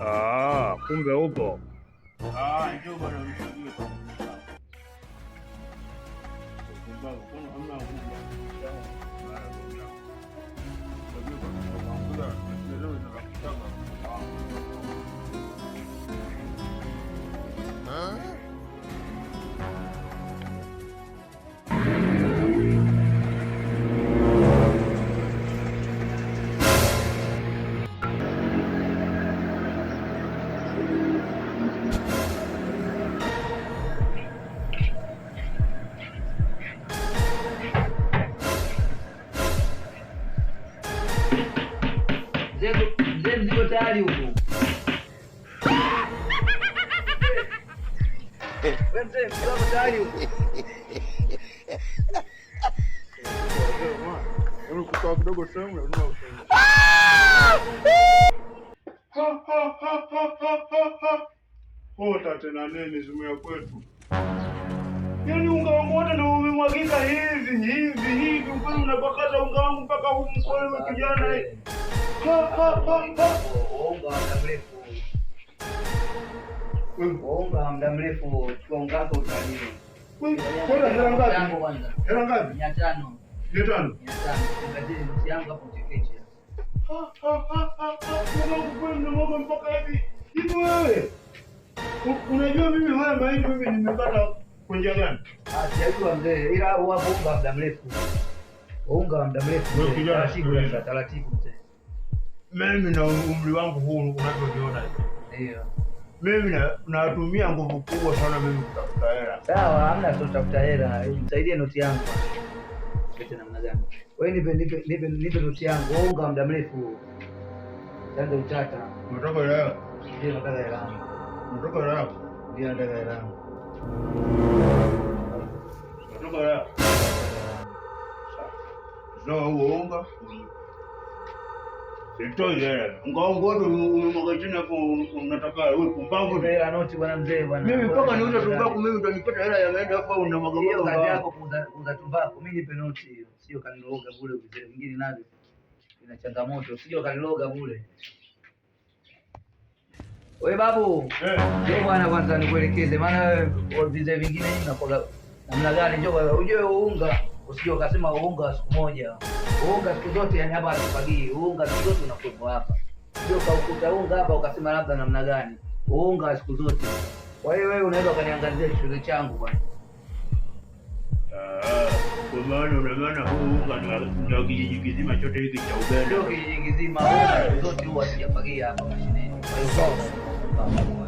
아, 꿈배오버 아, 이죠 바로 니기 공부하고 또는 엄마하고 공부하고 공부하고 어, ugali huko. tena nini kwetu? Yaani unga wangu wote ndio umemwagika hivi hivi hivi, unapakaza unga wangu mpaka kijana. Eh? Onga muda mrefu tuongako utajiri. Kwa hela ngapi? Hela ngapi? 500. 500. 500. Unangu mpaka hivi. Hivi wewe. Unajua mimi haya mahindi mimi nimepata kwa njia gani? Ah, sijajua mzee. Ila wapo unga muda mrefu. Unga muda mrefu. Taratibu taratibu mzee mimi na umri wangu huu unavyoviona, ndio mimi natumia nguvu kubwa sana mimi kutafuta hela. Sawa, hamna kutafuta hela, nisaidie noti yangu. Kete namna gani wewe? Nipe nipe nipe nipe noti yangu, unga muda mrefu tanda utata. Unataka hela? Ndio, nataka hela. Unataka hela? Ndio, nataka hela. Unataka hela? Sawa, huo unga Mkaongoto umemwaga chini kaniloga bure vizee vingine navyo. Ina changamoto. Sio kaniloga bure. Wewe babu. Eh, bwana kwanza nikuelekeze maana vizee vingine namna gani njoo ujue unga usije ukasema uunga wa siku moja. Uunga siku zote yani hapa anafagii uunga siku zote unakuwa hapa, sio kaukuta unga hapa ukasema labda namna gani, uunga wa siku zote. Kwa hiyo wewe unaweza ukaniangazia kishule changu bwana. Ah, kwa maana unaona huu unga ndio kijiji kizima chote hiki cha Uganda, ndio kijiji kizima zote huwa sijafagia hapa mashineni. Kwa hiyo